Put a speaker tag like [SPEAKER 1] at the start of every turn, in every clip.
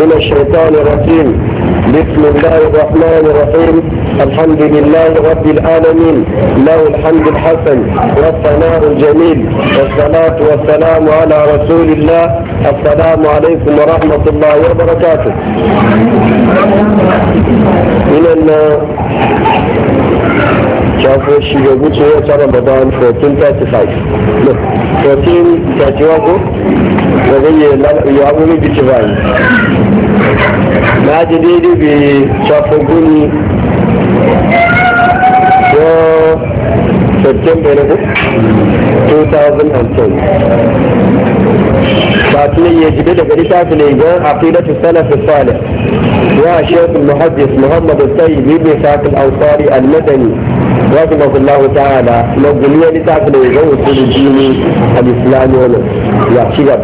[SPEAKER 1] من الشيطان الرجيم بسم الله الرحمن الرحيم الحمد لله رب العالمين له الحمد الحسن والثناء الجميل والصلاة والسلام على رسول الله السلام عليكم ورحمة الله وبركاته من شافوا شي يقول وقت رمضان 1435 لا 1431 وغير يعملوا بتبعي ما جديد بشافوا قولي سبتمبر 2010 باطنية جبل بريشة في الإيجان عقيدة السلف الصالح وشيخ المحدث محمد الطيب بن ساق الأنصاري المدني رحمه الله تعالى مجلية لتعقل وجوه الدين الإسلامي ولو يعشق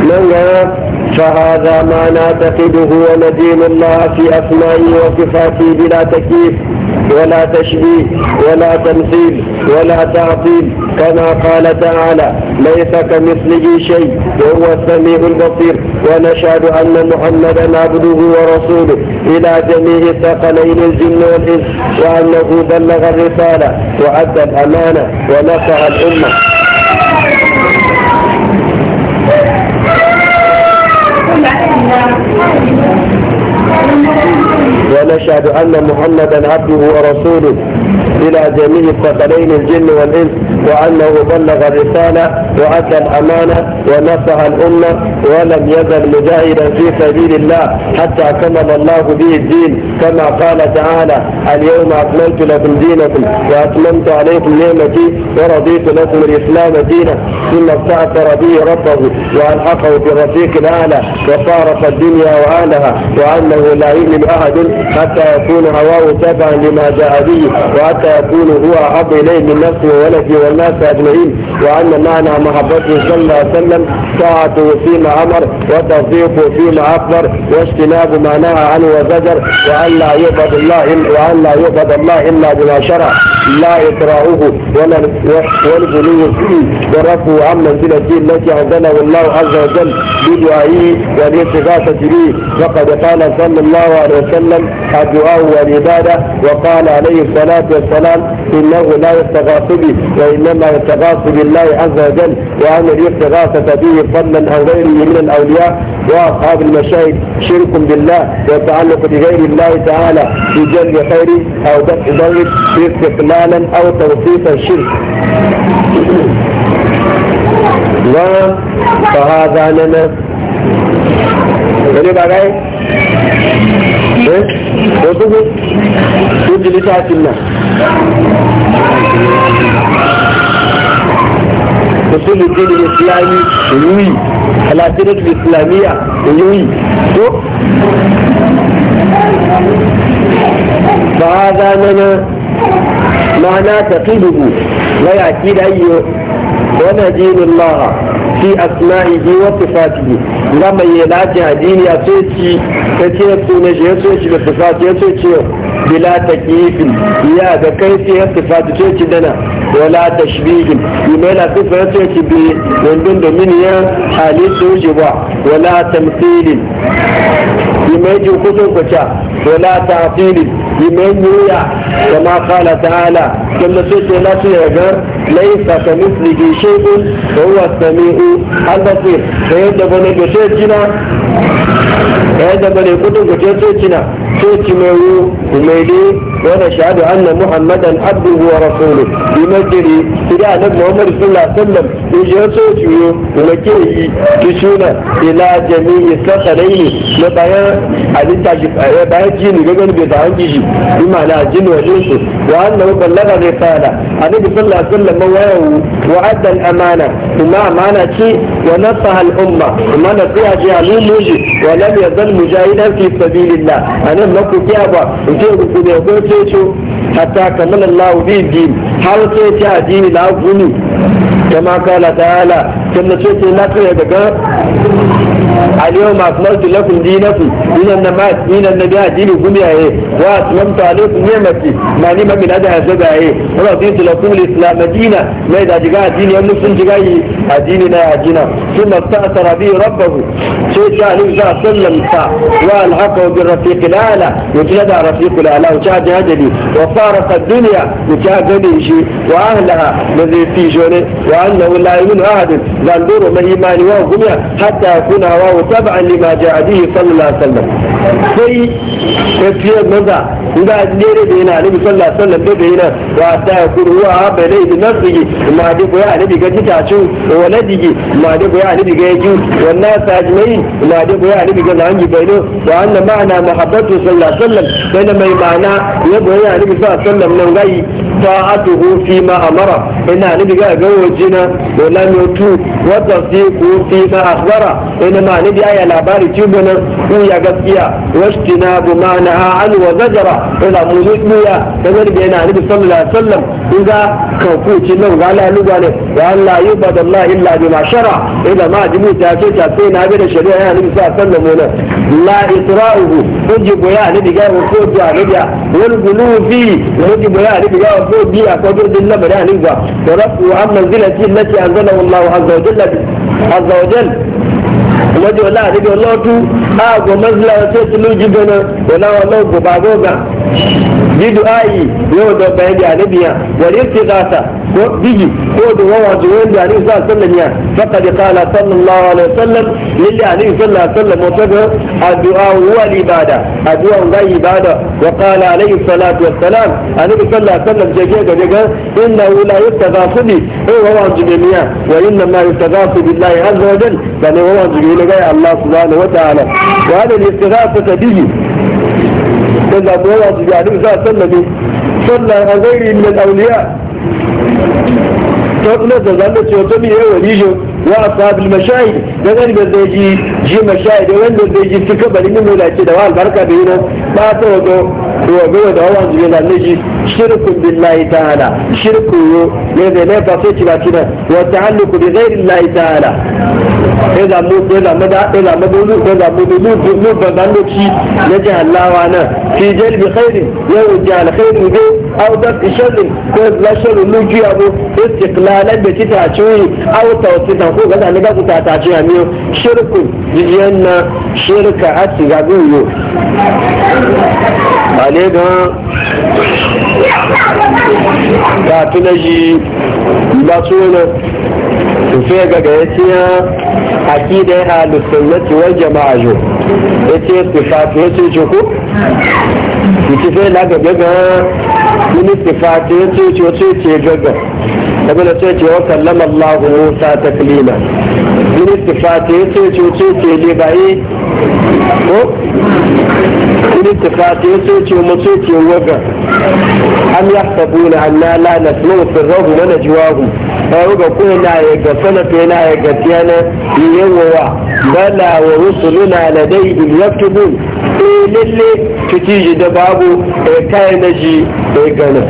[SPEAKER 1] من فهذا ما نعتقده وندين الله في أسمائه وصفاته بلا تكييف ولا تشبيه ولا تمثيل ولا تعطيل كما قال تعالى ليس كمثله شيء وهو السميع البصير ونشهد أن محمدا عبده ورسوله إلى جميع الثقلين الجن والإنس وأنه بلغ الرسالة وأدى الأمانة ونصح الأمة أن محمدا عبده ورسوله إلى جميع الثقلين الجن والإنس وأنه بلغ الرسالة وأتى الأمانة ونصح الأمة ولم يزل مجاهدا في سبيل الله حتى كمل الله به الدين كما قال تعالى اليوم أكملت لكم دينكم وأتممت عليكم نعمتي ورضيت لكم الإسلام دينا ثم استأثر به ربه وألحقه برفيق الأعلى وفارق الدنيا وأهلها وأنه لا يؤمن أحد حتى يكون هواه تبعا لما جاء به وحتى يكون هو أحب إليه من نفسه وولده والناس أجمعين وأن معنى محبته صلى الله عليه وسلم طاعته فيما أمر وتصديقه فيما أخبر واجتناب ما نهى عنه وزجر وأن لا يعبد الله وأن لا يعبد الله إلا بما شرع لا إكراهه ولا والغلو فيه ورفع وعمل عملا بالدين التي أنزله الله عز وجل بدعائه والاستغاثة به وقد قال صلى الله عليه وسلم الدعاء والعبادة وقال عليه الصلاة والسلام إنه لا يستغاث به وإنما يستغاث بالله عز وجل وأن الاستغاثة به فضلا عن غيره من الأولياء وأصحاب المشاهد شرك بالله والتعلق بغير الله تعالى بجلب خيره أو دفع ضره استقلالا أو توصيف الشرك gane ba gai eh ko tugu ko jilita tinna usul din islami yuyi alasirat da yuyi ko ba za mana ma'ana taqiduhu wa yaqida ayyo ونجين الله في أسمائه وصفاته لما يلاجع ديني أسوتي كثير سونجي أسوتي بصفاتي أسوتي بلا تكييف يا ذا كيف هي صفاتي أسوتي دنا wala tashbihin imela sifa ya bi wandun da miniyan halittu shi ba wala tamthilin imeji kusan kwacha wala ta'tilin imen yuya kama qala ta'ala kalla sai la ya gar laysa kamithlihi shay'un huwa as da coci mai wu umaili wanda shahadu anna muhammadan abduhu wa rasulu bi majiri ila annabi muhammad sallallahu alaihi wasallam ya coci yo kuma ke yi kishuna ila jami'i sakaraini na bayan halitta shi bayan jini ga gani bai da hanji shi bi ma'ana jini wa jinsu wa annahu ballaga zai fada annabi sallallahu alaihi wasallam wayawu وأدى الأمانة بما أمانة ونصها الأمة وما نصيها جعلوا موجي ولم يظل مجاهدا في سبيل الله أنا مكو كيابا وكيابا كيابا كيابا حتى كمل الله به الدين هل كيابا دين لا كما قال تعالى كما تشوفوا لا تشوفوا اليوم أكملت لكم دينكم من النمات من النبي دينكم يا إيه وأتممت عليكم نعمتي ما نعمة من أدها سبع إيه ورضيت لكم الإسلام دينا ما إذا جاء دين يوم نفسهم أديننا يا دينا ثم استأثر به ربه شيء عليه صلى الله عليه والحقه بالرفيق الأعلى وجلد رفيق الأعلى وشاهد هدلي وفارق الدنيا وشاهد شيء وأهلها الذي في جونه وأنه لا يؤمن أحد لا نور من إيمان وهم حتى يكون هواه الله تبعا لما جاء به صلى الله عليه وسلم سي كثير مزا إذا أدنير بينا نبي صلى الله عليه وسلم بينا وحتى يقول هو أحب إليه بنفسه ما ديكو يا نبي قد تتعشو وولده ما ديكو يا نبي قد يجو والناس أجمعين ما ديكو يا نبي قد عنجي بينه وأن معنى محبته صلى الله عليه وسلم بينما معنى يبقى يا نبي صلى الله عليه وسلم لو غير ta'atuhu fi ma amara ina ni diga ga wajina wa lam yutu wa tasdiqu fi ma akhbara ina ma ni aya labari tubana ya gaskiya wasu bu ma naha an wa zajara ila mu yudiya kamar da yana nabi sallallahu alaihi wasallam in ga ka kuci nan ga la luga ne ya Allah yubadallah illa bima shara ila ma jibu ta ce ta sai na bi da shari'a yana nabi sallallahu alaihi wasallam la isra'uhu ujibu ya nabi ga wa ko da ga wal gulufi ujibu ya nabi ga wa ko biya ko dirdin labari nabi ga wa rafu amma zilati allati anzalahu Allah azza wa jalla azza wa jalla lọ́jọ́ ọ̀la àdébí ọlọ́dún aago mọ́sílá ọtí ti lójú gbọ́nà ọ̀la ọlọ́gbọ̀n bàbá ọ̀gá dídú ààyè yóò dọ̀gba ẹ̀dẹ̀ àdébíyàn wọ̀lé ti ràtà به قد ووض وين عليه الصلاة والسلام يعني فقد قال صلى الله عليه وسلم للي عليه صلى الله عليه وسلم وتبه الدعاء هو العبادة الدعاء هو العبادة وقال عليه الصلاة والسلام النبي صلى الله عليه وسلم جاكيك جاكا إنه لا يستغاث به هو ووض جميعا وإنما يستغاث بالله عز وجل بل يعني هو ووض جميعا الله سبحانه وتعالى وهذا الاستغاثة به إذا هو ووض جميعا صلى الله عليه وسلم صلى غير من الأولياء tó tún lẹ́sẹ̀ sáré tí ọjọ́ mi واصحاب المشاهد دغن بزيجي جي مشاهد وين بزيجي في كبر من ولا شيء ده البركه بينا ما تودو هو بيو ده هو زي لا نجي شرك بالله تعالى شرك هو لذا لا فاتي باتنا وتعلق بغير الله تعالى إذا مو إذا مدى إذا مدلو إذا مدلو مدلو بدلو شيء نجي الله وانا في جلب خير يرجع الخير وجه أو دفع شر كل لا شر نجي أبو استقلالا بتتعشوي أو توسيط ko ga zane ga kuta ta ce amiyo shirku jijiyan na shirka a ti ga biyu ale ga ta tuna ji ba tsoro tufe ga ga ya ciya akida ya halusunnati wal jama'a jo ya ce sifatu ya ce ce ku tufe na ga ga ga mini sifatu ya ce ce ce gaga kamar da ce wa kallama Allah Musa taklima min ittifati sai ce ce ce ba yi ko min ittifati sai ce mu ce ce waga am yahsabuna anna la nasma'u sirrahum wa najwahum ai ga ko na ya ga sanata na ya ga tiyana yawa bala wa rusuluna ladayhim yaktubun eh lalle kiti da babu eh kai naji eh gana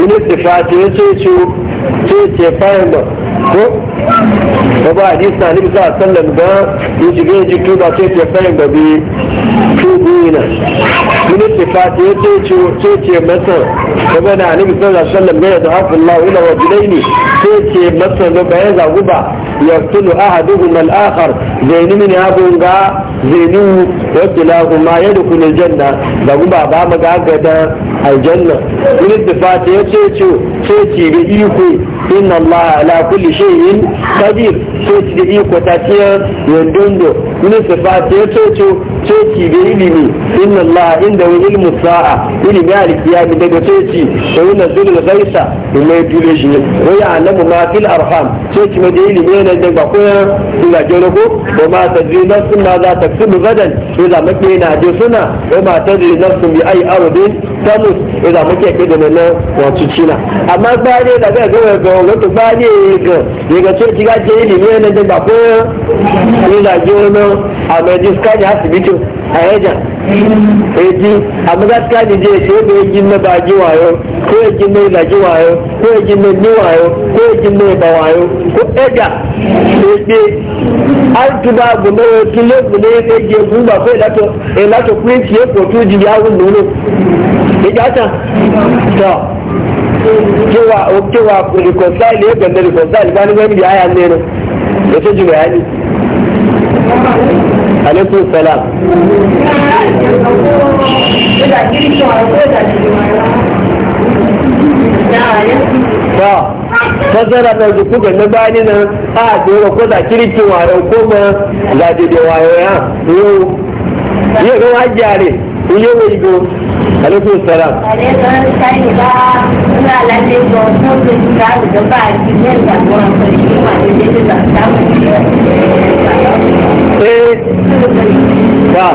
[SPEAKER 1] ministry fati ya ce ce ce fayin ba ko ko ba hadisi na nabi a alaihi wasallam ga yujige ji tuba ce ke fayin babi tubina min sifati yace ce ce ce masa kuma na nabi sallallahu alaihi wasallam ga da hafallahu ila wajlaini ce ce masa da bayan zaguba yaqtulu ahaduhum al-akhar zaini min abun ga zainu وكلاهما يدخل الجنة لهم بابا مقاقدا الجنة من الدفات يتيتو تيتي بإيكو إن الله على shay'in qadir sai ci da iko ta ce yandondo ni ceci da ilimi inna Allah inda wa ilmu sa'a ilimi a alkiyami daga ceci da wannan zulul gaisa mai dule shi ne wa alamu ma fil arham ceci ma da ilimi ne da ba ila ina jere ko wa ma tadri nafsun ma za ta kusubu gadan ila make na je suna wa ma tadri nafsun bi ai ardin tamus ila make ke da nan wa cicina amma ba ne da ga ga ga wato ba ne ga daga ceci ga ilimi ne da ba ila ina jere no a mai diska ne asibiti kiyo a yajan eji eh, a za ka ni je sai da wayo ko yin na laji wayo ko yin na ni wayo ko yin na ba wayo ko ega ebe eh, an tuba bu na le bu ne ne je bu ba ko da to e ku ko tu ji ya wu nu e ja ta to cewa cewa reconcile ya ganda reconcile ba ni gani da ya ne ne da ta jira alaikum salam ta zara na zuku ga na bani nan a dora ko za kirkin wayo ko ma za daidai wayo ya yau yau ga wajiyare ilé wo ibo alekun sara.
[SPEAKER 2] ee wa.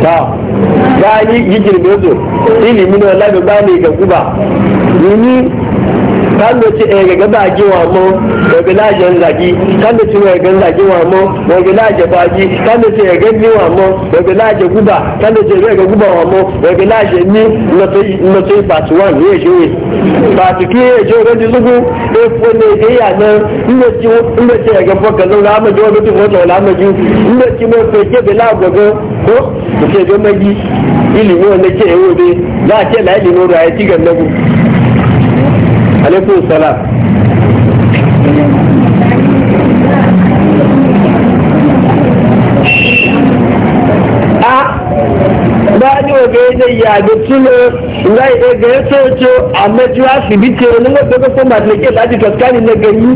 [SPEAKER 2] ta
[SPEAKER 1] ba yi yi girbe su ilimi na labi ba ne ga guba domin kan da ci ɗaya eh, ga bage wa mu ga bilajen zaki kan ci wa ga zaki wa mu ga bilaje baki kan ci ya ga ni wa mu ga bilaje guba kan ci ga guba wa mu ga bilaje ni na sai na sai part 1 ye je ba ti ki ye je ga zugu e ko ne ga ya na in da ci in da ci ya ga fa kallon la ma jo ga la ma ju in da ci mo fe ke ga ko ke e, ga magi ilimi wanda ke yi za a ce na ilimi wanda ya ci alaikum salam a gẹ́gẹ́ yàgbé tí lọ láì ẹgbẹ́ tó tó àmẹ́jú àṣìbítì onílọ́gbẹ́gbẹ́ fún màdìlẹ́gẹ́ láti tọ́kánì lẹ́gẹ́ yìí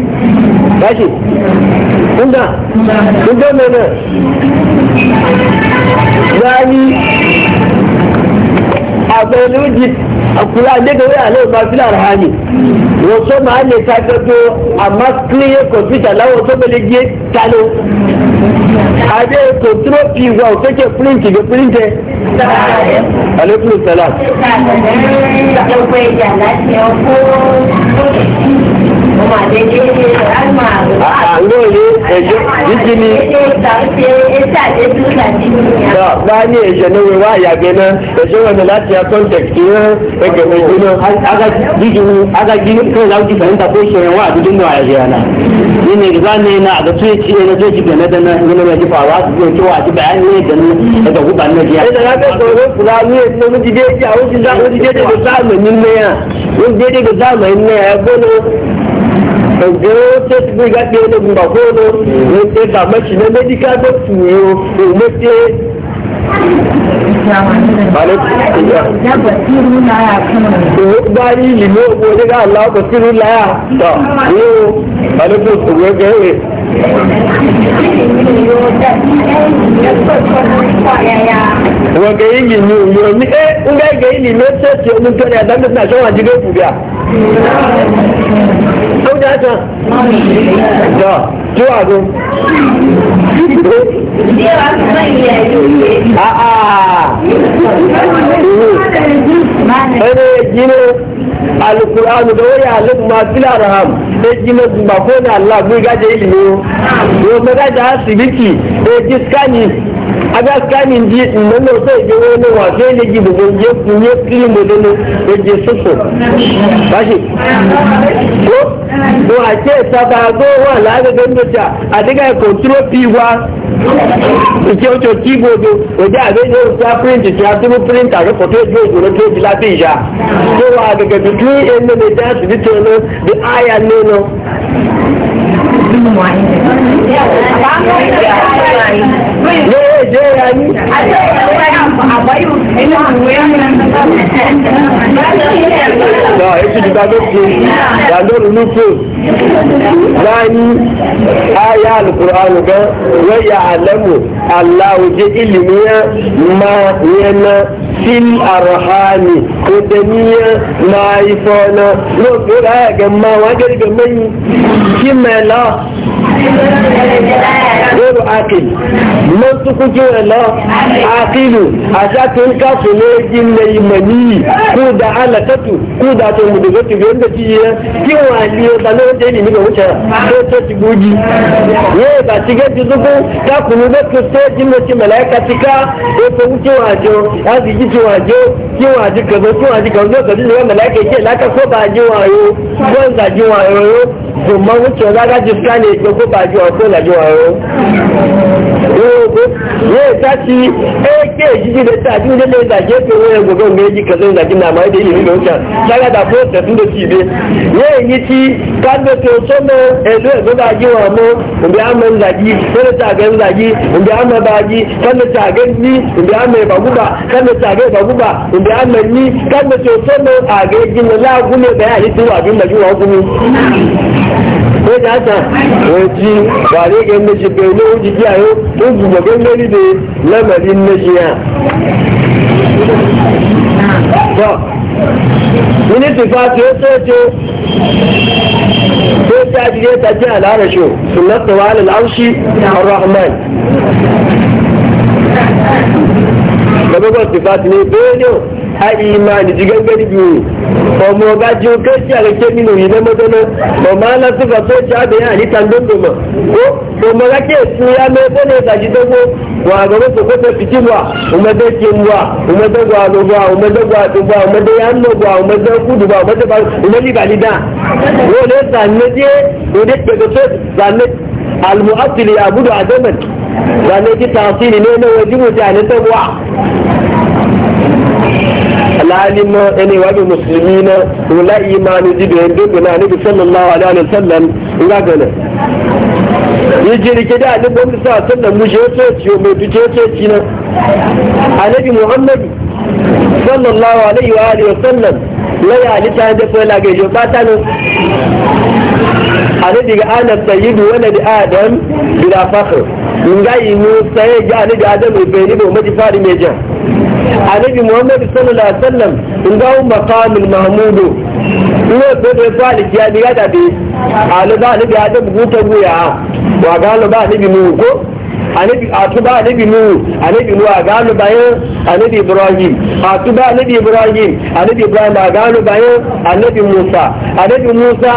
[SPEAKER 1] báṣì nígbà a mẹ́rin láyé àbẹ̀lú jì àkùlá àdégbẹ̀wé àlẹ́ ìbáfílà rà ní wòtó máa lè ta gbogbo àmọ́ kílíyé kọ̀mpútà láwọn tó bẹ̀lẹ̀ yé talo adé kòtúrò pi wa ò kéke píríǹtì gbé píríǹtì alekun sẹlá.
[SPEAKER 2] lóòrè ẹjọ́ jíjí ni.
[SPEAKER 1] bá a ní ẹ̀ṣẹ̀ ní wíwá àyàgbẹ́ náà ẹ̀ṣẹ̀ wọn ni láti akọ́ńtẹ̀kì rán ẹgbẹ̀rún ìlú náà jíjí ni agaji kan za ki fahimta ko shi yawa a cikin da ya na ni ne ba ne da tuye ci ne tuye ci game da na ne ne ji fawa ko ci wa ci bayani ne da ni daga ku ban ne ya da na ka tsoro kula ni ne mu ji dai ya wuce za mu ji dai da zamanin ne ya mun dai da zamanin ne ya gono gbogbo tẹ ti gbé gàdé ológun bàbá bàbá òun ló tẹ. Òun gbá ní ìlú òun oníkà aláwọ̀ sírú láyà ní òun ní ẹ́
[SPEAKER 2] ní àtàn jọ tó àgbo. Ẹni
[SPEAKER 1] da wani alif masu laraham da jino ba ko na Allah gun gaje ilimi yau. ma gaje asibiti da ni? aga kani ndi nnono so ejo wone wa fe ne gibu go je kunye kiri modene e je soso bashi
[SPEAKER 3] ko ko
[SPEAKER 1] a ce go wa la ga gando ta adiga control p wa ike ojo keyboard oje be ne ta print ta ti mu print aga photo ejo ojo ne to bila bi ja ko wa ga ga bitu enne ne ta su bitu no
[SPEAKER 2] bi aya ne no ne ya je ya ni na
[SPEAKER 1] esi didaloke dalori nufo lani aya alkur'anu gan waya alamu allahu je ilimiya ma yana fil arhami ko da niya ma yi fona lo ko da ga ma wa ga ga mai kimela Yoru akil, mọ́n tó kún kí ẹ̀lọ́, akilu, da alẹ́kẹ́tù, kú da tó mú dògbé tìbí ẹ́ ti yẹ, kí wọ́n àti ẹ̀dà lóòjẹ́ ìlú ìgbẹ̀wò ṣẹ́ra, tó tó ti gbójí. Yóò bá ti gé ti dúkú, káàkù ní lókè tó ti mú ti mẹ̀lẹ́ katika, epo kí wọ́n àjọ, láti jí ti wọ́n àjọ, kí wọ́n àjọ kẹ̀kọ́, kí wọ́n àjọ kẹ̀kọ́, kí wọ́n àjọ kẹ̀kọ́, kí wọ́n àjọ kẹ̀kọ́, kí wọ́n àjọ kẹ̀kọ́, kí wọ́n àjọ kẹ̀kọ́, kí wọ́n àjọ kẹ̀kọ́, kí wọ́n àjọ kẹ̀kọ́, kí wọ́n àjọ kẹ̀kọ́, kí wọ́n àjọ kẹ̀kọ́, kí wọ́n àjọ kẹ̀kọ́, kí wọ́n àjọ kẹ̀kọ́, kí wọ́n àjọ ṣùgbọ́n wíkẹ̀ lágájú skáni gbogbo bàjú ọ̀pọ̀ ìlàjọ ọ̀rọ̀ yóò sáti ẹ́kẹ́ ìjíjí lè tàbí nílé ìdàjẹ́ tó wọ́n gbogbo méjì kẹsẹ̀ ìdàjẹ́ náà máa dé ìlú lóòkà lágádà fóòsẹ̀ tún ló ti ibẹ̀ yóò yí ti kágbé tó sọ́mọ ẹ̀lú ẹ̀gbọ́n bàjí wọn mọ́ òbí ní tó àyè wà bí wọn gún mi. ko da ta oji ba ne ga na ji bai ne oji ji ayo ko gangari da lamarin na ji ba wani tufa ce ya soce ko ta ji ta ji alarasho sunnatu wa alarshi a rahman gbogbo sifati ne bene a imani ji gangari biyu ọmọ ọba ji oke si alake nínú yìí lẹ́mọ́tọ́ náà ọmọ alásùfà tó ṣe àbẹ̀yẹ àníta lóńdò mọ̀ kó ọmọ lákè fún ya mẹ́ bọ́lẹ̀ ìtàjì dọ́gbó wà àgbẹ̀rẹ̀ sọ̀kọ́ tẹ fìtí wà ọmọdé ti ń wà ọmọdé wà lọ́gbà ọmọdé wà àdúgbà ọmọdé yà ń lọ́gbà ọmọdé kúdùgbà ọmọdé bá ọmọdé ìbàlídà wọ́n lè sàn méjì sàn sannan ji tasiri ne na waje ne ta buwa alalima ne wani musulmi na wula imani ji da yanzu guna nabi sallallahu alaihi wa sallam ina gana yi jiri jirgi da ni gwamnati sa sallan mu je soci mai fice soci na annabi muhammadu sallallahu alaihi wa alihi wa sallam laya alita da fa la gaje ba ta nan annabi ga ana sayyidu walad adam bila fakhr in yi mu sai adam bai ni ba mu fari mai jan anabi muhammadu sallallahu alaihi wasallam nga mu maqamul mahmud ne ko da fali ya ni bi alu ba annabi adam guta buya wa ga ba anabi mu ko anabi atuba anabi nuhu anabi nuhu a gano bayan anabi ibrahim atuba anabi ibrahim anabi ibrahim a gano bayan anabi musa anabi musa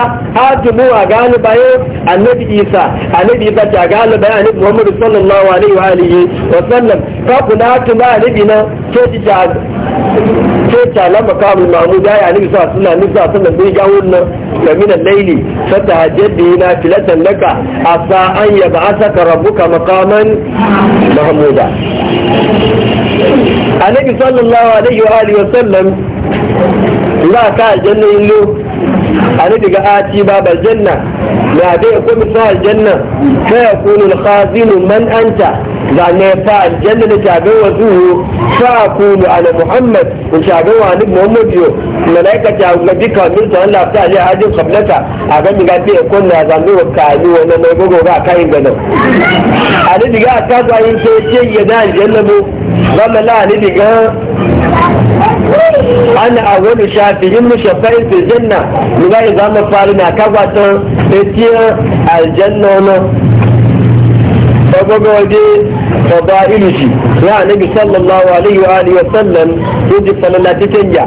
[SPEAKER 1] atubu a gano bayan anabi isa anabi isa ta gano bayan anabi muhammadu sallallahu alaihi wa alihi wa sallam kakuna atuba anabi nan ke ji sai ta lamba kamun mamu da ya nisa suna nisa suna bai jawo nan ga minan laili fata hajjadda yana filatan laka a sa an yaba asaka rabuka makaman mahmuda annabi sallallahu alaihi wa alihi wa sallam za ka aljanna illo annabi ga ati baba janna na dai ko misal janna fa yakunu al-khazinu man anta zane fa aljanna da tabe wa zuhu fa kulu ala muhammad in tabe wa ni muhammad yo malaika ta ga bika min ta Allah ta ali hadin qablaka a ga diga te ko na zane wa kani wa na gogo ga kai gano ali diga ta ga yin ce ce ya da aljanna bu zama la ali diga ana awon shafihin mushaffai fi janna mu ga zama farina kagwatan etiyar aljanna na gobe waje fadailu shi ya nabi sallallahu alaihi wa alihi wa sallam yaji falalati tanya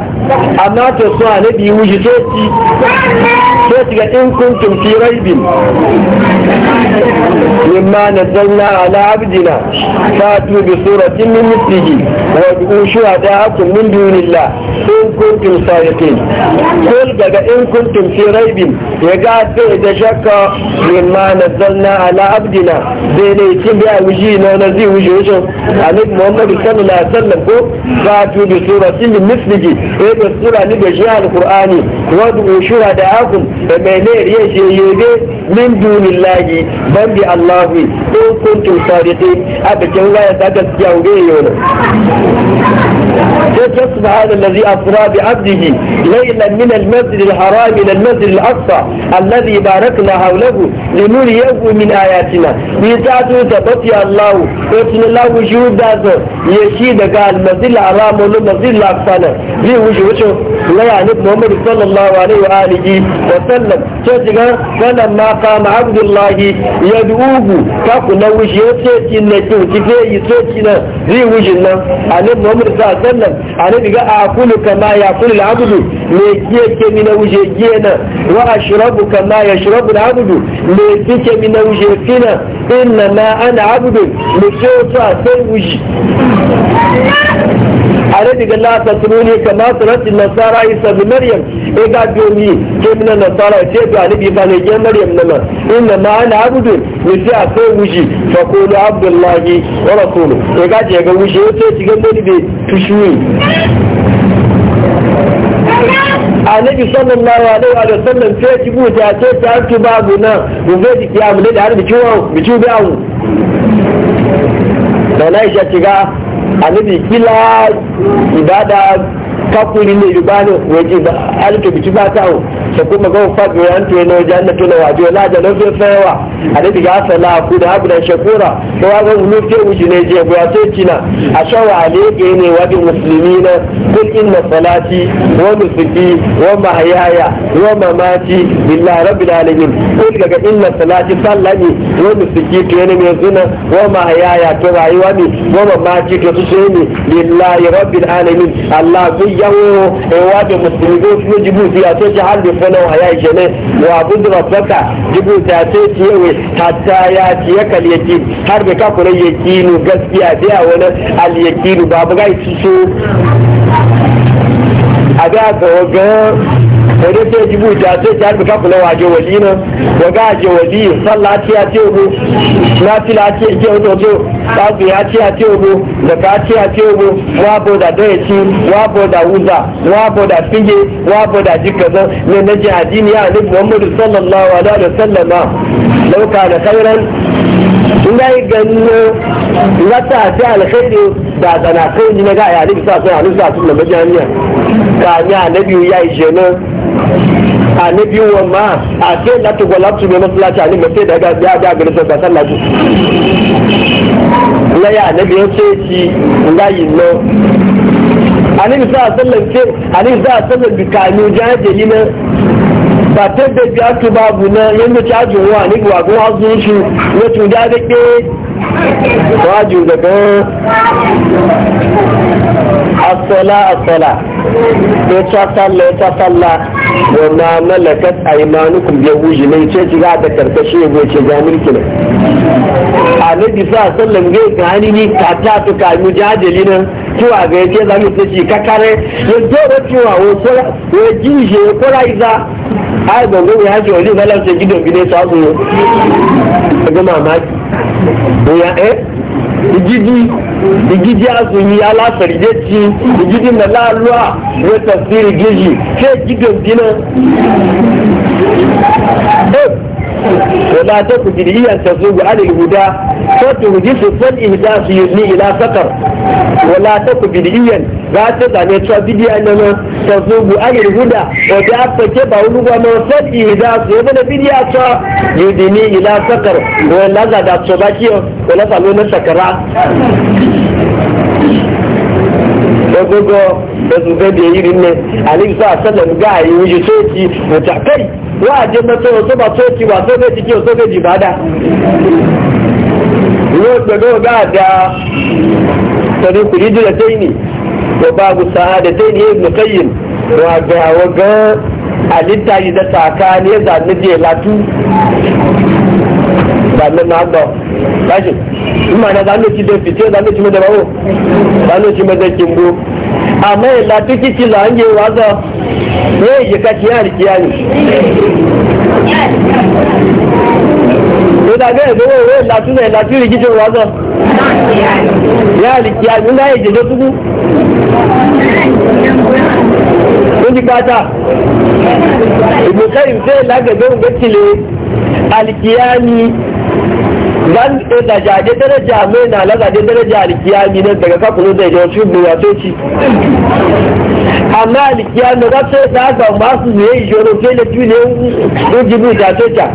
[SPEAKER 1] amma to so nabi wuji to ci to ci ga in kuntum fi raibin mimma nazzalna ala abdina fatu bi suratin min mislihi wa ad'u shuhada'akum min dunillah in kuntum sadiqin kul daga in kuntum fi raibin ya ga da shakka mimma nazzalna ala abdina dai ne mutum da ya wuce na na zai wuce wuce annabi muhammadu sallallahu alaihi wasallam ko ba tu bi suratin mislihi eh da sura ni da shi alqur'ani وادعوا شهداءكم فمن يجيبه من دون الله بل بالله إن كنتم صادقين أبدا لا يتأكد يوم هذا الذي أسرى بعبده ليلا من المسجد الحرام إلى المسجد الأقصى الذي باركنا حوله لنريه من آياتنا ويساعده تبطي الله وإن الله وجود ذاته يشيد قال مسجد الحرام والمسجد الأقصى ذي وجوده لا يعني محمد صلى الله الله عليه وآله وسلم تجد فلما قام عبد الله يدعوه كقنا وجه سيتنا تفيه سيتنا ذي وجهنا عن ابن عمر صلى الله عليه وسلم عن ابن أكل كما يأكل العبد ميكيك من وجهنا وأشرب كما يشرب العبد ميكيك من وجهنا إنما أنا عبد مكيوتا سيوجي ale diga la tatruni kama tarat nasara isa bi maryam e ga domi ke mina nasara ce ga alibi fa ne ke maryam nama inna ma ana abudu ni sai a kai wuji fa qulu abdullahi wa rasulu e ga je ga wuji ce ci ga mani be tushuyi annabi sallallahu alaihi wa sallam sai ki buta ce ta ki babu na gobe ki kiyamu da har biciwa biciwa da na isha ci ga anabi kila ibada kakuri ne yorùbá ni wọ́n ti alùpùpù bá ta o kuma ga fa ga an to no janna to wa jo la da no fe fewa ale diga sala ku da abu da shakura to wa ga mu ke wuji ne je ba to kina a shawa ale ke ne wa bi muslimina kul inna salati wa nusuki wa mahyaya wa mamati billahi rabbil alamin kul daga inna salati sallani wa nusuki to ne mai zuna wa mahyaya to rayuwa ne wa mamati to su ne lillahi rabbil alamin allah zai yawo e wa bi muslimin ko jibuti a to jahal bi wani wa ya ishe ne wa abudu rabbaka jibu ta ce ciyewe hatta ya ci ya kal yaki har bai kakuna yakinu gaskiya da ya wani al babu ga ci so a da ga ẹ̀rẹ́ tí ẹjì bú ìjà tí ẹjì àdìbò kápùlẹ̀ wà jẹ wẹ̀lí náà wọ̀gá àjẹ wẹ̀lí sálà tí a tí ogo láti láti ẹjẹ́ a tí a tí ogo zẹ̀ká tí a tí ogo wọ́n abọ́dà dẹ́ẹ̀tì wọ́n abọ́dà wúzà wọ́n da fíye ne abọ́dà jìkẹ̀sán lẹ́nẹ́jẹ́ àdínìyà da muhammadu sallallahu alaihi ta alkhairi da zana kai ni na ga ya ni bisa sun alusa sun da majaniya ka ni annabi ya yi jenan anabi wa ma a sai lati gwalatu mai masallaci anabi sai da ya ga gari sai ba sallaci na ya anabi ya ce ci layi no anabi sa sallan ce anabi sa sallan bikani yi na ba ta da biya tu babu na yadda ta ajiyo wa ni wa kuma azu shi ya tu da da ke waju daga asala asala ya ta salla ya ta salla wa ma malakat aymanukum bi wuji ne ce ga da karkashi ya ce ga mulki ne annabi sa sallan ga gani ni ka ta to ka mu jajali nan kiwa ga yace zamu ce kakare ya dora kiwa wo so ya ji je ko ai gongo ne haji wali ba lafiya gidan ga ya eh igidi igidi azumi alasarijeji igidi na lalua wata siri gidi ke gidan gine eh, ولا تكن بدعيا تزوج على الهدى فتهدث فالإهداف يزني إلى سقر ولا تكن بدعيا ذات زانية تشابدي أننا تزوج على الهدى وتعب تجيب فكبا ولغما فالإهداف يبنى بدعيا يدني إلى سقر ولا زاد تشابكي ولا فالون سكرا gbogbo ẹsùn fẹ́ di èyí rí ní àlejò àṣẹ́lẹ̀ a gbá àyè ojú tó ti mùtàkẹ́yì wọ́n àjẹ́ mẹ́tọ́ tó bá tó ti wà tó méjì kí o tó méjì bá dá ìwé pẹ̀lú ọgá àdá tẹ̀lé kùdí jùlọ tẹ́yìnì wọ́n bá gùsà àdẹ tẹ́yìnì èèyàn lọ́kẹ́yìn wọ́n àgbẹ̀ àwọn àlítà yìí dẹ́ta àká ní ẹ̀dà ne ya kaci ya alkiya ne to da ya na tuku kata ibu kai zan e da jaje daraja mai na la zaje daraja alkiyami nan daga kafin da ya wuce mu ya ci amma alkiyami ga sai da ga masu ne yi joro ke da tuni ko jibu da to ta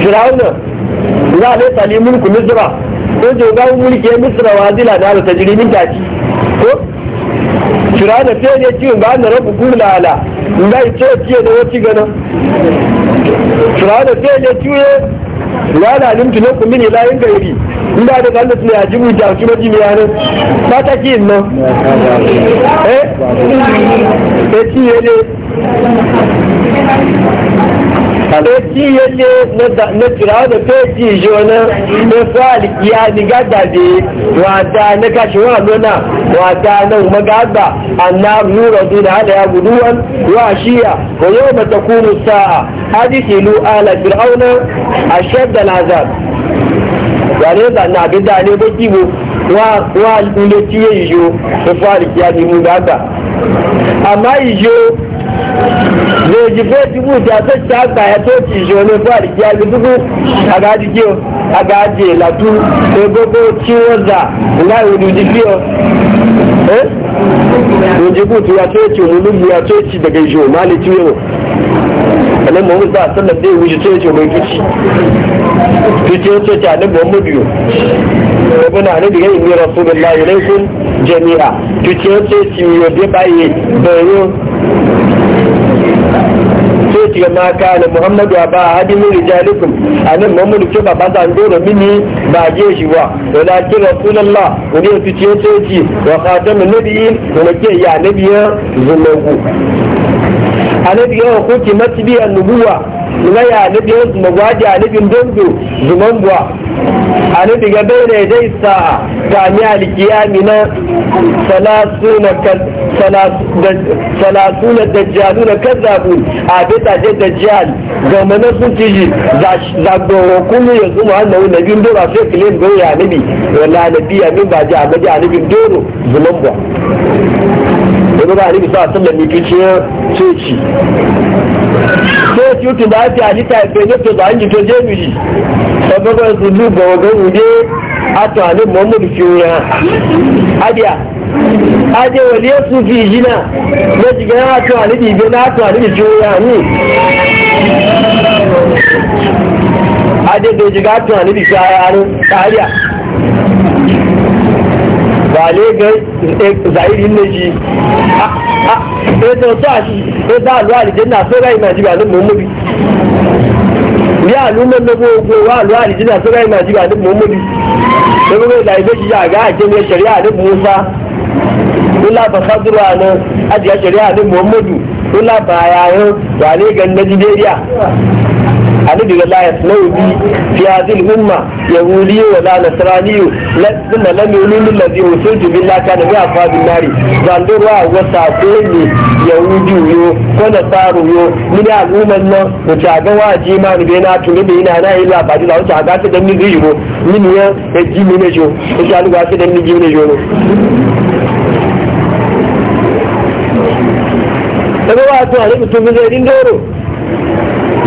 [SPEAKER 1] firawuna za ne tali mulku misra ko je ga mulki misra wazila da ta jirimin taci ko firawuna sai ne ci ba na rabu kula ala ngai ce ce da wuce gana firawuna sai ne ciye wala alimtu lakum min ilahin gairi in ba da kallon su ne a jibu ta kuma ji ne yanin ba ta ki nan eh eh ci ne àbẹ́tí yẹlé nẹ́tìrà ọ̀nà péjì ìṣòna mẹ́fà àlìkíyà ní gádàdé wà dáa nẹ́kàṣì wà lónà wà dáa náà magagba àná rúrọ̀dún náà da ya gudu wọn wà ṣíyà kò yóò mata kúrò sáà adìsílú alàfíà ọ̀nà àṣẹ́dà nàzà yàrá ìlànà àbídà ní bókíwò wà lulẹ̀ tí yẹ ìṣó mẹ́fà àlìkíyà ní mú gàgbà àmá ìṣó zai ji bai dubu ta ta ta ba ya a ga ji kiyo a ga je latu ko gogo ciwo da na ji kiyo eh ko ji ku ya to ci mu ya to ci daga jo mali ciwo annan muhammadu sa sallam zai wuce sai ce mai tuci tuci ya ce ta annan muhammadu yo rabuna ne daga yin rasulullahi alaikum jami'a tuci ya ce ci yo bai baye sai ce ma kana muhammadu ba hadin rijalikum anan muhammadu ke baba zan dora mini ba je shi wa walakin rasulullah wani su ce sai ce wa khatamun nabiyyin wani ke ya nabiyan zumanku anabi yawa kuki matibi annubuwa nga ya nabi magwaji a nabin dondo zuman buwa a nabi ga bai da dai sa'a ga mi alkiyami na salasuna dajjalu na kazzabu a bita je dajjal ga mana sun ci ji zagoro kuma ya zuma annabi nabin doro a sai kilin bai ya nabi wala nabi ya min ba ji a maji a nabin doro zuman buwa da ba ni bisa sallan ni kici ceci ceci to da ta ali ta be to da ni to je mi sabaga zulu ga ga ude ato ali muhammad kiyoya adiya aje wali su fi jina ne jiga ato ali di na ato ali kiyoya ni da do jiga ato ali di sa yaro kariya wale ga eh, zahirin na shi
[SPEAKER 2] eh,
[SPEAKER 1] ɗaya eh, ta aluwa aljanna so ga ina jiba nan muhammadu ya aluman na gogo wa aluwa aljanna so ga ina jiba nan muhammadu sai kuma da ibe shi ya ga a kemiyar shari'a nan musa kula ba sadura nan ajiya shari'a nan muhammadu kula ba yayin wale ga najeriya annabi ga la yasmau bi fi hadhihi umma yahudi wa la nasrani la thumma lam yulil alladhi usiltu billahi kana bi afadin zando ruwa wata ko ne yahudi yo ko da tsaro yo ni da al'umman nan da ta ga waje ma ni bai na tuni da ina na ila ba da wata ga ta dan ni zai yo ni ne ya ji mi ne jo ya ga ta dan ni ji ne jo daga wato a rikitu bi zai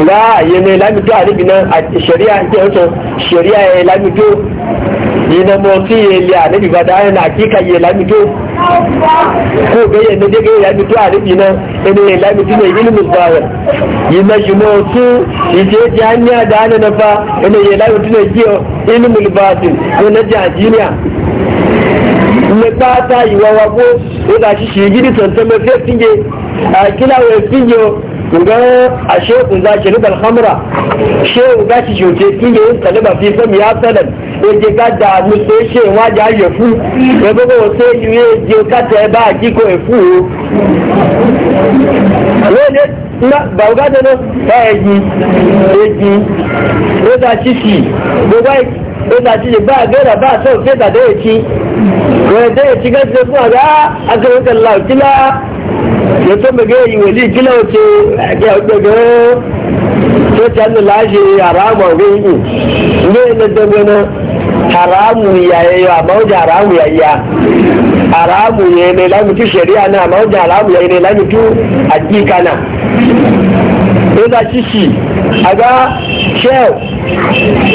[SPEAKER 1] nga yene lamito alibi na sheria nke oto sheria ya lamito ya moti yele alibi ba da e na hakika ye lamito ko be yene de ge lamito alibi na ene ye lamito ne ilmu zahir yene jumotu ije janya da na na fa ene ye lamito ne giyo ilmu batin ko e na jajinia mepata iwawago ila e shishi gidi tantame fe finge akila we finge nga a shekun za shi ribar hamra shekun za shi shote kile yin talibar fi sami ya sanar ya je ka da mu so ṣe ja yẹ fún ya gbogbo wọn yi ye je ka tẹ bá a kíkọ ẹ fún o. wọ́n da na ah, bàbá dáná ká ẹ̀jì ẹ̀jì rọ́dà ṣíṣì gbogbo ẹ̀ rọ́dà ṣíṣì bá a gbẹ́dà bá da sọ̀rọ̀ fẹ́ta dẹ́yẹ̀ tí wọ́n dẹ́yẹ̀ tí ká ti fún àgbà àgbẹ̀wò kẹlẹ́ yóò tó mẹ́gẹ́ ìwòlí ìkílẹ̀ òtí ẹgbẹ́ ọgbẹ́gbẹ́ tó ti ń láṣẹ Haramu ya yi ní ilé dẹ́gbẹ́ náà àràmù ìyá ẹyọ àmọ́jà àràmù ìyá àràmù yẹ ilé lámìtú sẹ̀ríà náà àmọ́jà àràmù yẹ ilé lámìtú àjíkà náà nígbà ṣíṣì àgbà shell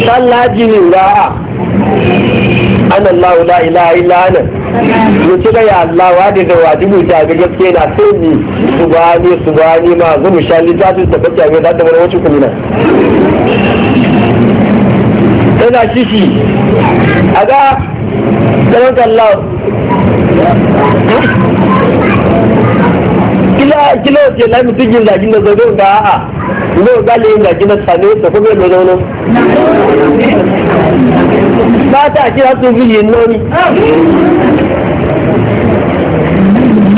[SPEAKER 1] sálájì nìgbà ànàláwùlá ìlà ìlà náà mutu da ya Allah wani da wajibu ta ga gaske na sai ni su ba ni su ba ni ma zumu sha littafin ta bakiya mai zata wani wacin kumina tana ciki a ga tsaron kallon kila kila ke lami tugin da gina zaune ga a'a ne ga ina gina sane ta kuma da zaune ba ta kira su biyu noni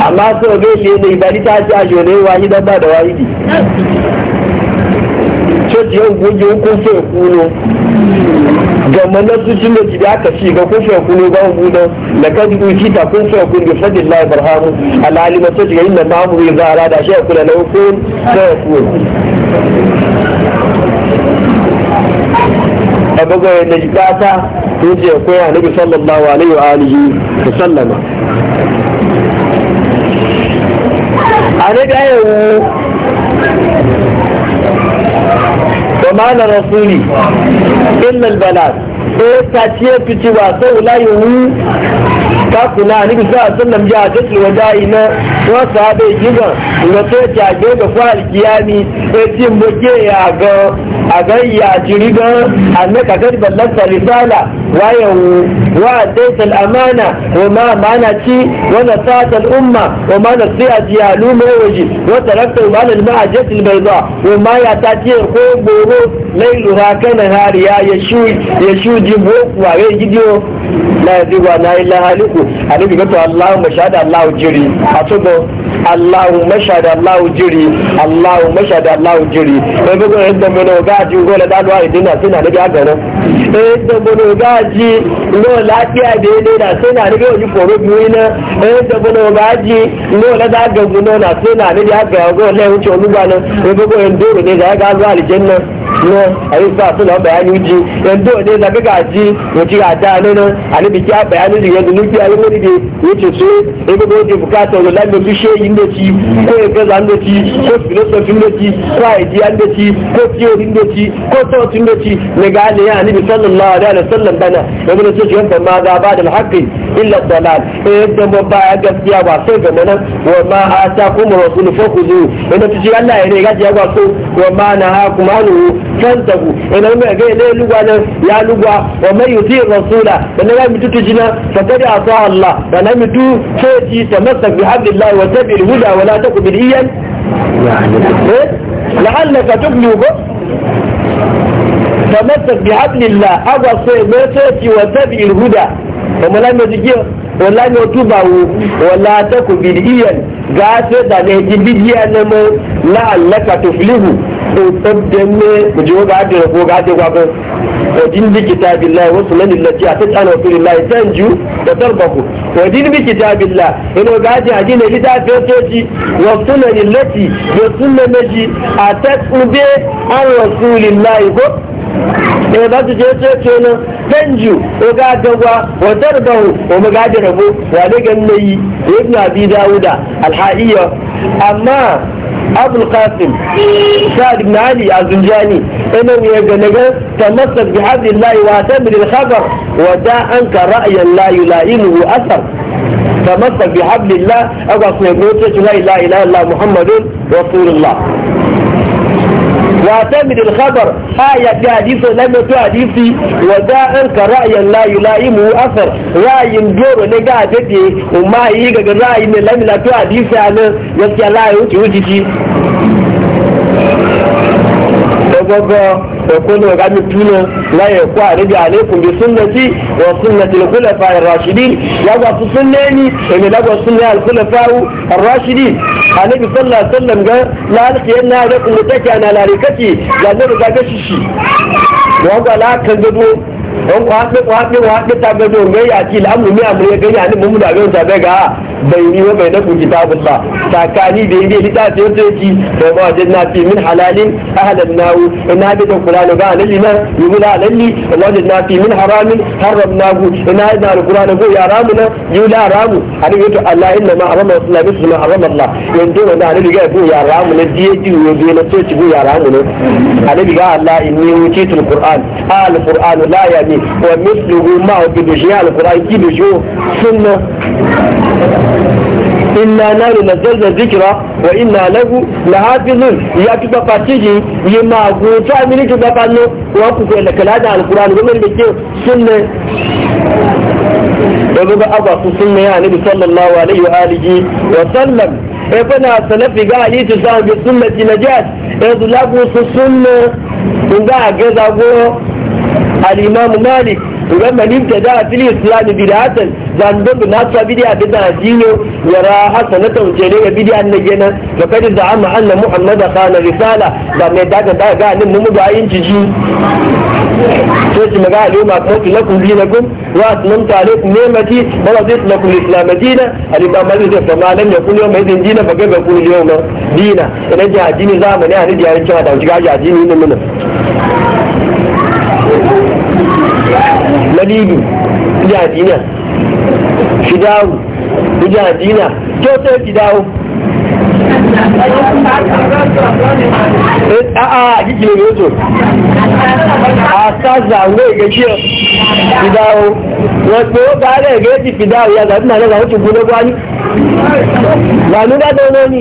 [SPEAKER 1] amma àmọ́ tó ne ne ba ni ta ji a ti àjò lè da yí dábàá dọ̀wá yìí tó ti yóò gbójú kó fẹ́ kú lọ gama na su jimla ji da aka ci ga kun fiye kuno ga hu da da kan duk shi ta kun fiye kuno bi fadin la barhamu alali ma to ga inna ma hu za ara da shi kula na kun da ku abuga da jikata to je koya nabi sallallahu alaihi wa alihi wa sallama
[SPEAKER 2] ànídáyẹ̀wò
[SPEAKER 1] ọmọlá rasúlì ilẹ̀lbàlá tó tàbí ẹ̀fì ta wà sọ́wọ́ láyé wú kakuna níbi sọ àtúnlẹ̀ jẹ́ àtẹ́tìlẹ̀ dá iná wọ́n sọ abẹ́ ìjígàn ìgbà tó ti àgbẹ́gbẹ̀ fún àlìkíyá ni etí mbókè àgọ́ a ya jiri a annaka kad ballasta risala wayan wa adaita al-amana wa ma mana ci wa nasata al-umma wa ma nasiya jiyalu mawaji wa tarakta ma al ma'ajat al-bayda wa ma ya ta ce ko goro lailu hakana hariya ya shu ya shu jibo wa ya gidiyo la yadiwa na illa a alibi gato allahumma shahada allah jiri atugo allahumma shahada allah jiri allahumma shahada allah jiri bugun yadda gáàjì ngọ́ lẹ́dánú àìdínà sínà níbi àgbẹ̀rẹ̀ na, gáàjì ngọ́ láàpíà déédéèdà sínà níbi òjú fòrò bìí náà ẹ̀ẹ́dẹ̀bọ̀nà gáàjì ngọ́ lẹ́dánú àgbẹ̀gùn náà sínà níbi àgbẹ̀rẹ̀ ọgọ́ lẹ́hùn tí olúgbà náà ẹgbẹ́gbẹ́ ẹ̀ndóró ní ìdáyàgá na alisa suna bayani ji yanzu ne da kaga ji wuce a da nan ali biki a bayani da yanzu nufi ali wani da wuce su ebe ko je bukata wala da su she yin da ci ko ya gaza da ci ko philosophy da ci ko idea da ci ko theory da ko thought da ci ne ga ali ya nabi sallallahu alaihi wasallam bana ibn su yan ma za ba da haqqi illa dalal eh da mu ba gaskiya ba sai ga nan wa ma atakum rasul Allah ya ne ga jawa so wa ma فانته انا ما جاي ليه لغوا انا يا لغوا وما يطيع الرسول انا لا متو تجنا فقد اطاع الله انا متو تجي تمسك بحق الله وتبع الهدى ولا تكن بالهيا
[SPEAKER 2] يعني. إيه؟
[SPEAKER 1] لعلك تبلغ تمسك بحق الله اقوى سي ما تجي وتبع الهدى وما لا مزيجي ولا نتوبا ولا تكن بالهيا غاسه دا نجي بيجي انا لعلك تفلح tsaddanne mu je ga ko ga ba din bi wa din bi ino ga ji ne da wa an rasulillahi ko su je ce ce na tanju ko ga gawa wa tarbahu mu ga rabo wa daga nayi ibn abi dauda alhaiya amma أبو القاسم سعد بن علي الزنجاني إنه يجنب تمسك بحفظ الله واعتبر الخبر ودا أنك رأيا لا يلائمه أثر تمسك بحبل الله أبو أصنع بروتش لا إله إلا الله محمد رسول الله واعتمد الخبر آية حديث لم تحديثي وزائرك رأيا لا يلائمه أثر رأي دور نجا جدي وما يجا رأي لم لا تحديثي أنا يسكي الله يوتي وجيتي يكون غامي تونا لا يقوى رجع عليكم بسنتي وسنة الخلفاء الراشدين لغا سنني إن لغا سنة الخلفاء الراشدين النبي صلى الله عليه وسلم قال لا ألقي أن عليكم متكئا أنا لاركتي لأنه رجع شيشي وهو لا كذبوا don kwaɗe kwaɗe kwaɗe ta ga don gai a ci lamu ne amma ya gani ani mun da ganin ta daga bai ni bai da kuji ta bulla takani da yake lita ta yace ci da ma jin na fi min halalin ahlan nawu ina da qur'ani ga nan liman yula alalli wa jin na fi min haramin haramnahu ina da alqur'ani go ya ramu na yula ramu hadin to Allah inna ma harama islami sunna harama Allah yanzu wanda hadin ga go ya ramu diye ji na to ci go ya ga Allah inni qur'an al qur'an la ya الجهاد ومثله معه ببجياء القرآن كي بجو سنة إنا نال نزلنا ذكرى وإنا له لحافظون يا تبقى تيجي يما غوتا من تبقى نو وقف لك هذا القرآن ومن بكيو سنة ومن أبا سنة نبي صلى الله عليه وآله وسلم ebana salafi ga hadisi sa bi sunnati najat edu lagu su sunna kun الإمام مالك ولما نمت نبتدى في الإسلام بدعة زندب ناس بدعة بدعة جينو يرى حسنة بدي بدعة نجنة فقد زعم أن محمد خان رسالة لما يدعك دعك أن محمد عين تجي ما قال اليوم أكملت لكم دينكم وأتممت عليكم نعمتي ورضيت لكم الإسلام دينا الإمام مالك فما لم يكن يوم إذن دينا فكيف يكون اليوم دينا إن أجي عجيني زامن يعني دي عجيني هذا وجي عجيني منه labibu ija adina fidawu ija adina kyautar fidawu eh, a'a gigi ne zo a sáza ń gbé ìgbésí ọ ìdáwó wọn pé ó bá rẹ̀ gẹ́ẹ̀sì ga ya gàdúnà náà làwọn ti gbóná wáyé lànà dáadọ́ náà ni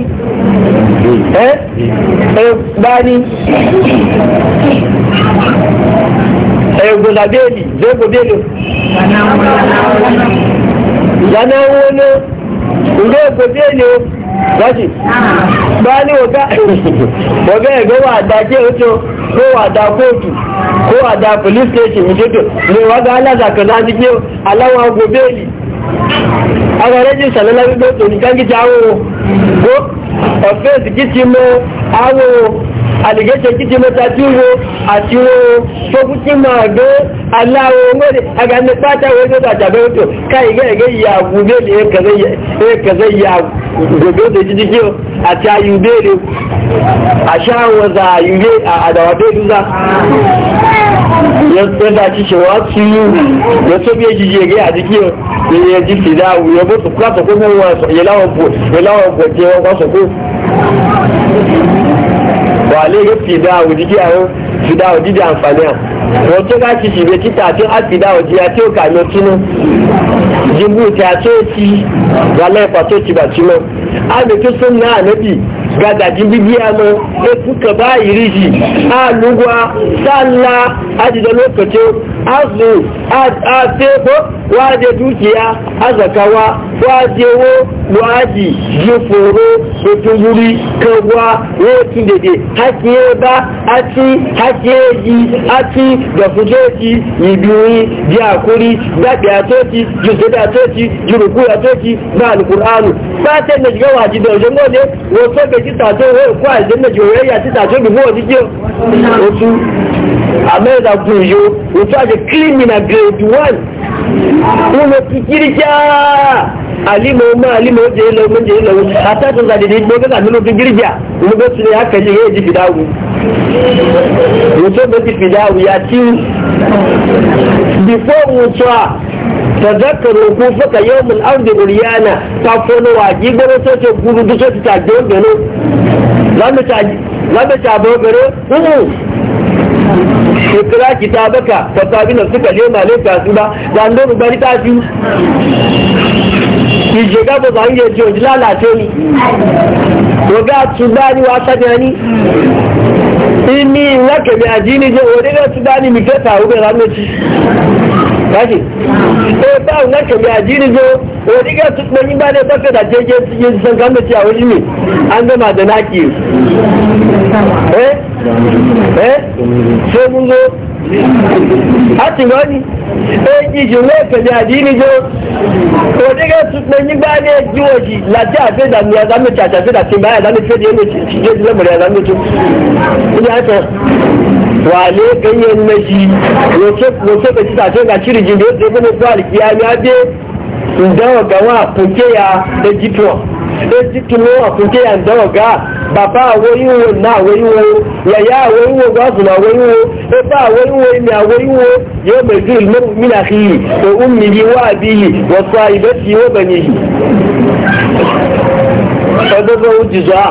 [SPEAKER 1] ẹ ẹ bá ẹ̀gbọ́n làbẹ́ẹ̀lì lẹ́gbọ́n bẹ́ẹ̀lì yana wani ro gobe ne gaji ba ni waga waga ya gawa a dake wato ko wa da kotu ko wa da police station wato ne waga alaza zaka na jike alawa gobe ne a ga rajin salala wibo to ni kan gita awo ko offense kici mo awo àlìgẹ́sẹ̀ títí mẹ́ta tí ó wo àti e e wo fókútí máa gbé aláwọ̀ mẹ́rin agbàmì pátá wo tó tàjàbẹ́ fi tó kúrò àtọ̀kọ́ mọ́ wọn yẹ́láwọ̀ bọ̀ jẹ́ wà lè yẹ fìdá òdìdí àwọn fìdá òdìdí àǹfààní à wọ́n tó ká ti ṣìwé títà tí á fìdá òdì àti òkà lọ tínú jìbù tí a tó ti wà lẹ́ẹ̀pà tó ti bà tínú a lè tó sún náà níbi gàdà jìbìbí àmọ́ ekú kẹba ìrìjì àlùwà sálà a àzù e ko. waje dukiya azakawa wajewo waji jiforo otunguri kagwa wotun dede haki eba ati haki eji ati gafujoji ibiwi di akuri gabi atoti jisede atoti juruku atoti na alukur'anu ba te na waji da ojo ngode woto beji tato wo kwa aljanna jiwe ya ti tato bi wo dijo otu amẹ́ta gùn yóò aje àjẹ́ grade 1 ulo kikirika alimo ma alimo je lo mun ata to zadi di boga da nuno kikirika mu go tsire haka je ji fidawu mu to go fidawu ya ti before mu tsa tazakkaru ku faka yawmul ardi ta fono waji gore to to guru to ta gbe no lamu ta lamu ta ikira kitabaka fasabina suka su ba da ta fi ìjẹgá bọ̀bọ̀ ń yẹ jọ lálàájọ́ ni ọgá ni ko e ba na ka ga su ba ne da yi an da naki eh
[SPEAKER 2] eh
[SPEAKER 1] sai mun zo àti wani èyí ìṣòro ẹ̀kẹ̀lẹ̀ àdínijó onígbà tuntun ní bá ní ẹjú òjì láti àfẹ́dà ní àdámẹ́tì àti àfẹ́dà tí bá àdámẹ́tì fẹ́dẹ̀ ẹ̀mẹ́ ti jẹ́ ìdílẹ́mọ̀rẹ́ àdámẹ́tì ní àtọ̀ wà lé kẹ́yẹ méjì lọ́sọ́pẹ̀ títà tí ó ga kiri jì ló dé gbọ́nà fún àlìkí àmì adé ìdánwò gàwọn àpòkẹ́yà ẹjì tó ẹjì tó ya ìdánwò gàá bàbá àwọ ìwò nà àwọ ìwò yàyà àwọ ìwò gbásùn àwọ ìwò ẹbá àwọ ìwò ìmì àwọ ìwò yóò mẹ̀jú ìlú mílà fi yìí tó ń mi yí wá àbí yìí wọ́n sọ ìbẹ́ tí ó bẹ̀ nìyí. ọdọ́gbọ́n ó jù sọ́ à.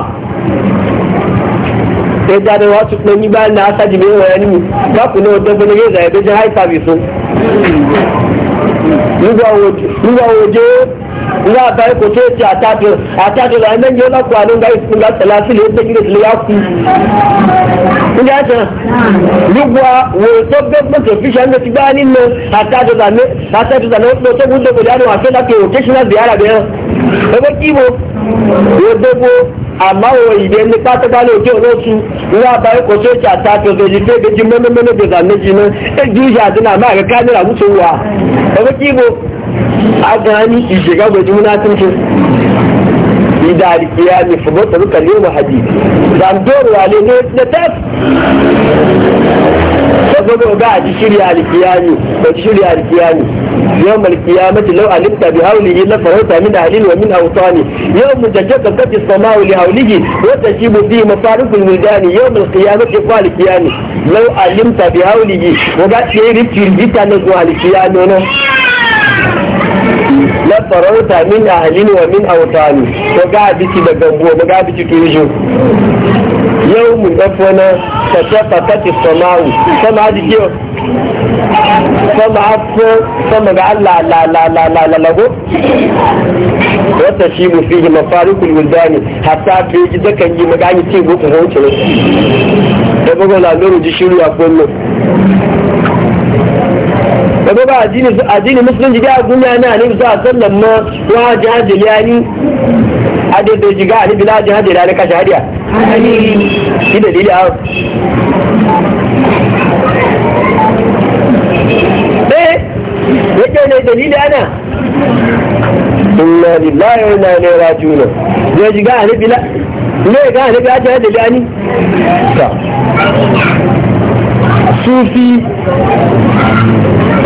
[SPEAKER 1] ẹja ni wọ́n tún pé nígbà náà sájìmí wọ̀ ẹni mi wọ́n ọdọ́gbọ́n ní yóò nígbà òjò nígbà àbáyé kò tó ti àtàdé àtàdé lọ ẹgbẹ́ yóò lọ́kọ̀ àlọ́ ńgá ìfún lásìlá sílẹ̀ ó gbẹ́gbẹ́ sílẹ̀ yá kú. nígbà àtàn nígbà wò tó gbẹ́gbẹ́ tó fi ṣẹ́ńgbẹ́ ti gbá nínú àtàdé lànà àtàdé lànà ó tó gúndé bòdì àná àfẹ́ láti òkè ṣílá bìárà bẹ́ẹ̀ ẹgbẹ́ kí mo wò dé àmọ́ òun ìdè ní pátápátá òkè olóṣù ní àbáyé kò tó ṣe àtàkì òkèjì pé èkejì mẹ́mẹ́mẹ́lẹ́ gbèsà méjì náà èjì ìṣe àti nàmá àrẹ kámẹ́rà wúso wà ọ̀rẹ́ kí ibo agbára ní ìṣègbàgbèjì múná tuntun ìdá àdìkìyà ní fòbọ́ pẹ̀lú pẹ̀lú ìmọ̀ àjì zandoro alẹ́ ní ẹ̀tẹ́f ọgbọ́gbọ́ ọgá àdìṣírí àdìkìyà ní يوم القيامة لو علمت بهوله لفرغت من أهل ومن أوطاني يوم تجدد قد السماء لهوله وتجيب فيه مصارف الولدان يوم القيامة فالك يعني لو علمت بهوله وقد يريد في البيت نزوها لكيانونا لفرغت من أهل ومن أوطاني وقاعد بك بقبوه وقاعد بك توجه يوم أفونا تجففت السماء سمع دي sama hafi sama ga Allah lalalago wata shi mu fi yi mafari kulwuldani hatta fi yi zakan yi magani ce gukun wuce ne da bugu na lori ji shiru a kwallo da bugu addini jiga a duniya na ne za a sallan ma hajji liyani hajjiliyani adadda jiga a nibila hajjiliyani kashe hadiya shi dalili a ne dalili ana inna lillahi wa inna ilaihi raji'un zai ji ga annabi la ne ga annabi aje da dalili ta sufi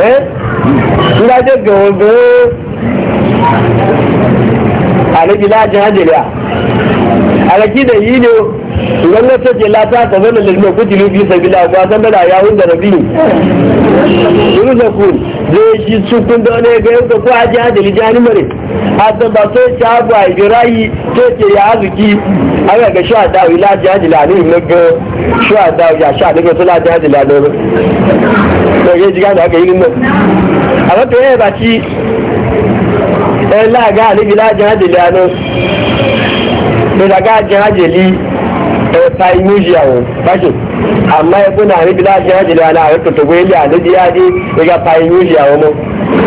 [SPEAKER 1] eh ina da gogo annabi la aje dalili alaki da yi ne gwamnati ce lata ta zama lalma ku jilu fi sabila ba san bada yawun da rabi yuru da ku zai shi su kun da wani ga yadda ku aji hajjali jani mare a san ba sai ta abu a rayi to ce ya azuki aka ga sha da ila jahil ali ne ga sha da ya sha da ga sala jahil ali ne to ya ji ga aka yi nuna a wata yaya ba ci eh la ga ali ila jahil ali ìdàgá jẹ́ àjèlí ẹ̀ta inú ìyàwó báṣẹ̀ àmá ẹkún náà níbi láti àjèlí àná ààrẹ tòtò wé ilé àlejò yáde ẹgá pa inú ìyàwó mọ́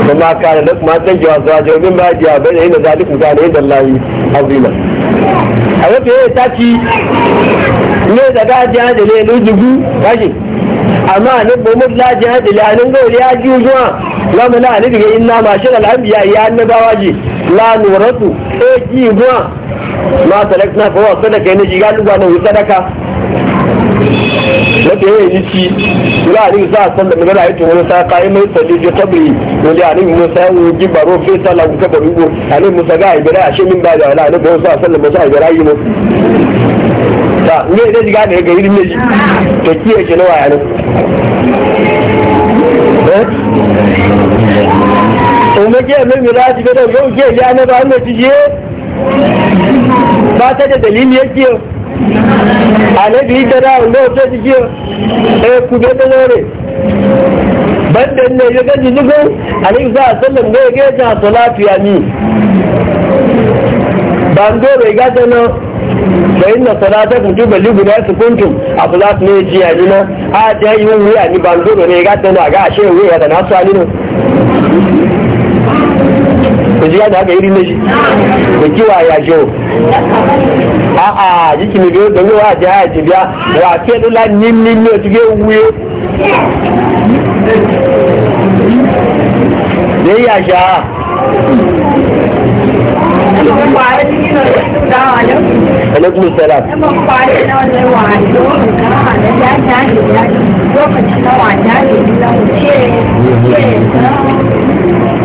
[SPEAKER 1] mo máa ka rẹ̀ lọ́kùnrin àti ẹ̀jọ̀ àzọ àjọ bí máa di àbẹ́ ẹ̀yìn lọ́dọ̀ àdìkùnkà ní ìdọ̀lá yìí ma àwọn fèrè táti ilé ìdàgá jẹ́ àjèlí ẹ̀lú jùgú báṣẹ̀ amma ne ba mu laji hadi zuwa lamu na ni daga inna ma shi la nuratu e ji zuwa ma talakna fa wa sadaka ne ji galu ba sadaka wata yayin yi ci ya ni za san da magana sa kai mai sadi baro fe go ani ga ibira a ba da ne sa san da ibira yi mu ta ne ne ga yi ne to ne waje mai miraji da yau ke ya na ba na jiye ba ta da dalili yake anabi da eh, da banda ne ya gaji zugo alayhi sallam ne ta salatu ya ni bando bai gata nan da su kuntum a ne ji a nina a ta yi wuya ni ga wuya da nasu alinu ko ji da haka irin shi ko kiwa ya jo a a jiki ne biyo don wa ja ya jibiya wa ke dula nin nin ne o tige wuye ne ya sha alaikum salam
[SPEAKER 2] lokacin da wata ne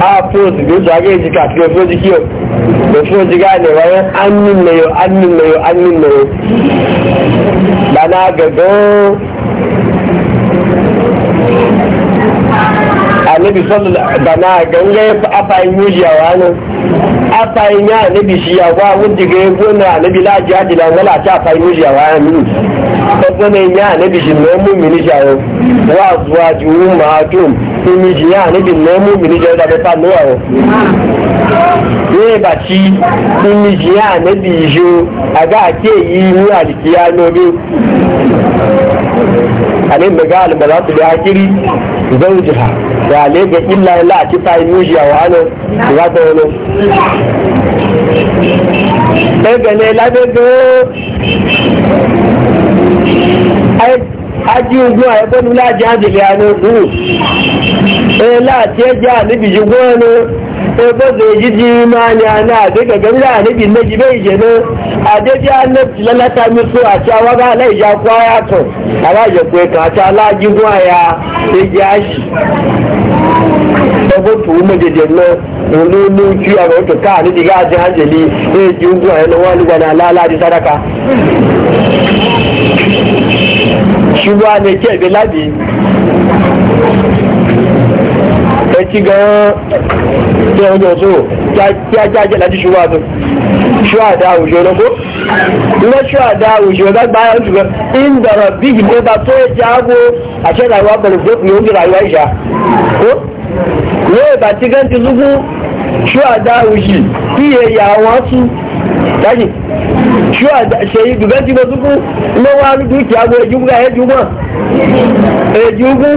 [SPEAKER 1] a bí ó tó agé ìjìká àti òfin ojú kí o òfin ojú gáà ní wáyé ánìmẹ̀yọ ánìmẹ̀yọ ánìmẹ̀yọ dáná gẹ̀gẹ́ àníbi sọ́tò dáná gẹ̀ngẹ́ apá ìmúyàwó ánìmẹ̀yọ afayin ya nabi shi ya wa wanda ga ya gona nabi la jihadi la wala ta afayin mu ya wa ya mini kogonin ya nabi shi na mu mini ya wa zuwa juwu ma tum mini shi ya nabi na mu mini ya da ta no ya ne ba ci mini shi ya nabi shi aga ake yi ni alikiya no bi anin magal balatu da akiri zaujiha ga le ga illa la ti fa yuji wa ano ga da wono sai ga ne la be go aji ogun ayebonu la jaje le ano gu
[SPEAKER 2] e
[SPEAKER 1] eh, la ti e ja ni bi jugo ano sai ba zai ji jimani ana daga gamla a nabi na gibe gina a daji an lalata misu a cewa ga alai ya kwaya to a ba ya kwaya ka ta lagi kwaya sai ya shi ɗago tuwu majajin nan lulu kiwa ga wata ka ni diga ajin hanjali ne ji a yana wani gwana sadaka shi ne ke bi labi ẹtí gan-an tí wọ́n jọ sóò kíájájẹ́ láti ṣúwà tó ṣúwàdá òṣèré lọ́gbó ilé ṣúwàdá òṣèré lágbà ọ̀tùgbọ́ ìndọ̀rọ̀ bí ìgbébà tó jẹ́ àgbò àṣẹ́dàwọ̀ pẹ̀lú gbókùn yóò gbèrà ìwà ìṣà yóò bà tí gan ti lúgún ṣúwàdá òṣì kí èyà wọn tún dájì ṣúwàdá ṣe ìdùgbẹ́ tí mo lúgún ló wá dúkìá gbọ́ ejúgbà ejúgbọ́n ejúgbọ́n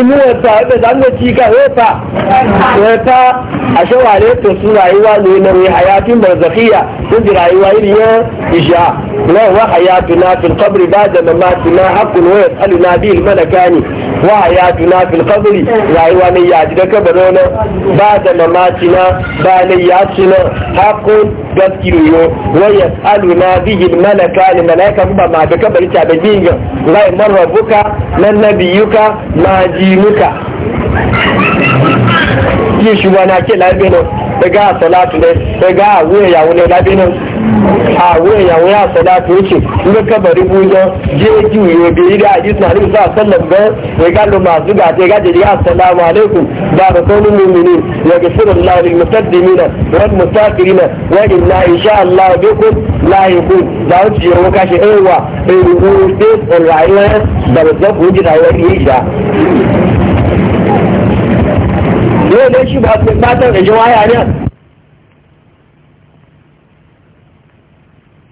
[SPEAKER 1] inú ẹ̀ta ẹ̀fẹ̀dánlẹ́tì ká ẹ̀ta ẹ̀ta àṣẹwàlẹ̀ ètò sí ràyíwá lè lẹ́wẹ̀ àyàtí mọ̀zọ̀kíyà tó di ràyíwá ìrìyàn ìṣà náà wá àyàtúná fìlkọ́bìrì bá dẹ̀mọ̀ máa ti náà hakùn wẹ̀ alùná bí ìlmọ̀nàkáni wá àyàtúná fìlkọ́bìrì ràyíwá ni yà àti dẹ́kẹ́ bẹ̀rẹ̀ náà bá dẹ̀mọ̀ máa ti náà bá ni yà ti náà hakùn gaskiyo waya alùná bí ìlmọ̀nàkáni mọ̀nàkà fún bàmà àbẹ̀kẹ́ bẹ̀rẹ̀ tàbí jíǹgà láì mọ̀rọ̀ bùkà mẹ́nàbíyúkà máa dinuka yi shi wana ke labe nan daga salatu ne daga wuya yawon labe nan a wuyan ya wuya salatu yace in ka bari je ki yo yi da hadis na nabi sallallahu ba wai ga masu ga ga je assalamu alaikum da rasulul mu'minin ya gafirullahu lil mutaqaddimin wal mutaqirin wa inna insha Allah bikum la yakun da wuce yo ka shi ewa e rubu this rayuwa da ba ku ji rayuwa yi da yau ne shi ba da jawaya ne